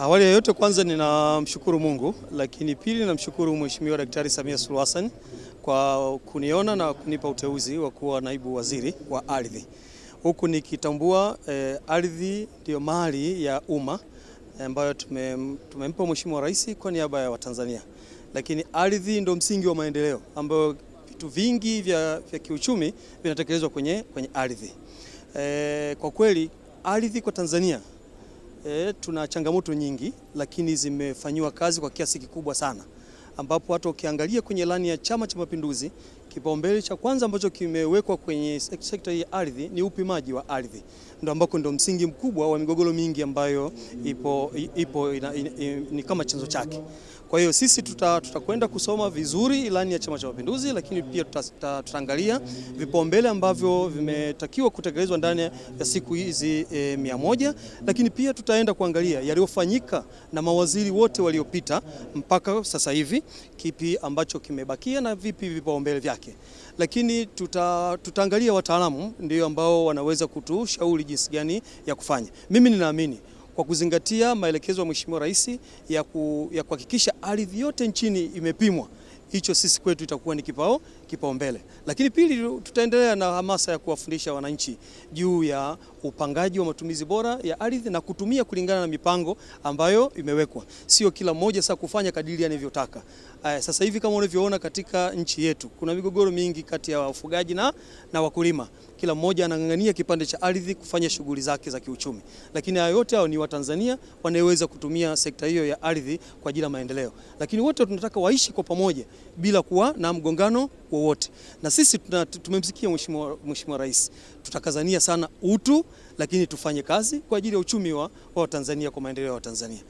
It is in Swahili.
Awali ya yote kwanza, ninamshukuru Mungu, lakini pili namshukuru Mheshimiwa Daktari Samia Suluhu Hassan kwa kuniona na kunipa uteuzi wa kuwa naibu waziri wa ardhi, huku nikitambua eh, ardhi ndiyo mali ya umma eh, ambayo tumempa Mheshimiwa Rais kwa niaba ya Watanzania, lakini ardhi ndio msingi wa maendeleo ambayo vitu vingi vya, vya kiuchumi vinatekelezwa kwenye, kwenye ardhi. Eh, kwa kweli ardhi kwa Tanzania e, tuna changamoto nyingi, lakini zimefanyiwa kazi kwa kiasi kikubwa sana, ambapo hata ukiangalia kwenye ilani ya Chama cha Mapinduzi Kipaumbele cha kwanza ambacho kimewekwa kwenye sekta ya ardhi ni upimaji wa ardhi, ndio ambako ndio msingi mkubwa wa migogoro mingi ambayo ipo, ipo ina, ina, ina, ni kama chanzo chake. Kwa hiyo sisi tutakwenda tuta kusoma vizuri ilani ya Chama cha Mapinduzi, lakini pia tutaangalia tuta, tuta vipaumbele ambavyo vimetakiwa kutekelezwa ndani ya siku hizi e, mia moja, lakini pia tutaenda kuangalia yaliyofanyika na mawaziri wote waliopita mpaka sasa hivi, kipi ambacho kimebakia na vipi vipaumbele vyake yake, lakini tuta, tutaangalia wataalamu ndio ambao wanaweza kutushauri jinsi gani ya kufanya. Mimi ninaamini kwa kuzingatia maelekezo ya Mheshimiwa Rais ya kuhakikisha ardhi yote nchini imepimwa, hicho sisi kwetu itakuwa ni kipao kipaumbele. Lakini pili, tutaendelea na hamasa ya kuwafundisha wananchi juu ya upangaji wa matumizi bora ya ardhi na kutumia kulingana na mipango ambayo imewekwa, sio kila mmoja sasa kufanya kadiri anavyotaka. Sasa hivi kama unavyoona katika nchi yetu kuna migogoro mingi kati ya wafugaji na, na wakulima. Kila mmoja anang'ang'ania kipande cha ardhi kufanya shughuli zake za kiuchumi, lakini hayo yote hao ni Watanzania wanaoweza kutumia sekta hiyo ya ardhi kwa ajili ya maendeleo, lakini wote tunataka waishi kwa pamoja bila kuwa na mgongano wa wote, na sisi tumemsikia Mheshimiwa Rais, tutakazania sana utu, lakini tufanye kazi kwa ajili ya uchumi wa Tanzania, kwa maendeleo ya Tanzania.